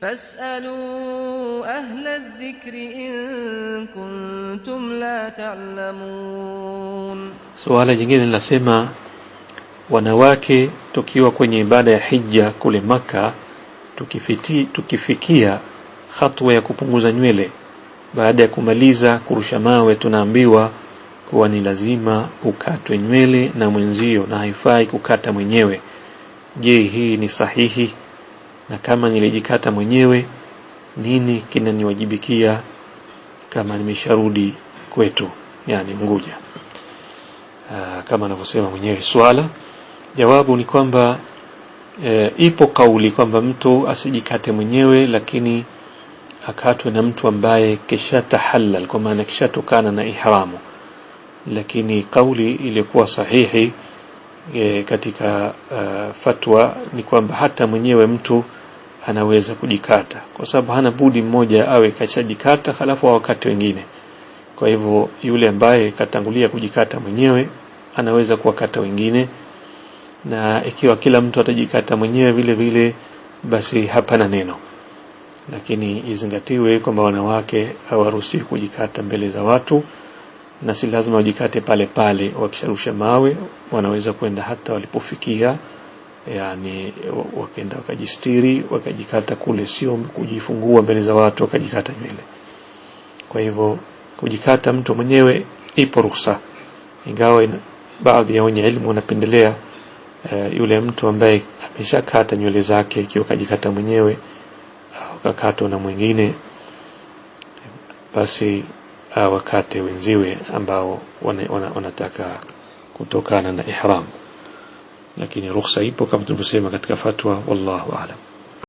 Fasalu ahla dhikri in kuntum la ta'lamun. Suala jingine linasema wanawake tukiwa kwenye ibada ya hija kule Maka tukifiti, tukifikia hatua ya kupunguza nywele baada ya kumaliza kurusha mawe, tunaambiwa kuwa ni lazima ukatwe nywele na mwenzio na haifai kukata mwenyewe. Je, hii ni sahihi? na kama nilijikata mwenyewe nini kinaniwajibikia kama nimesharudi kwetu yani Unguja ah, kama anavyosema mwenyewe swala jawabu ni kwamba e, ipo kauli kwamba mtu asijikate mwenyewe lakini akatwe na mtu ambaye kisha tahallal kwa maana kishatokana na ihramu lakini kauli iliyokuwa sahihi e, katika uh, fatwa ni kwamba hata mwenyewe mtu anaweza kujikata, kwa sababu hana budi mmoja awe kashajikata, halafu wakati wengine. Kwa hivyo yule ambaye katangulia kujikata mwenyewe anaweza kuwakata wengine, na ikiwa kila mtu atajikata mwenyewe vile vile, basi hapana neno. Lakini izingatiwe kwamba wanawake hawaruhusiwi kujikata mbele za watu, na si lazima wajikate pale pale. Wakisharusha mawe wanaweza kwenda hata walipofikia yani wakenda wakajistiri wakajikata kule sio kujifungua mbele za watu wakajikata nywele kwa hivyo kujikata mtu mwenyewe ipo ruhusa ingawa baadhi ya wenye elimu wanapendelea uh, yule mtu ambaye ameshakata nywele zake ikiwa kajikata mwenyewe au kakatwa na mwingine basi uh, wakate wenziwe ambao wanataka wana, wana kutokana na ihramu lakini ruhusa ipo kama tulivyosema katika fatwa wallahu aalam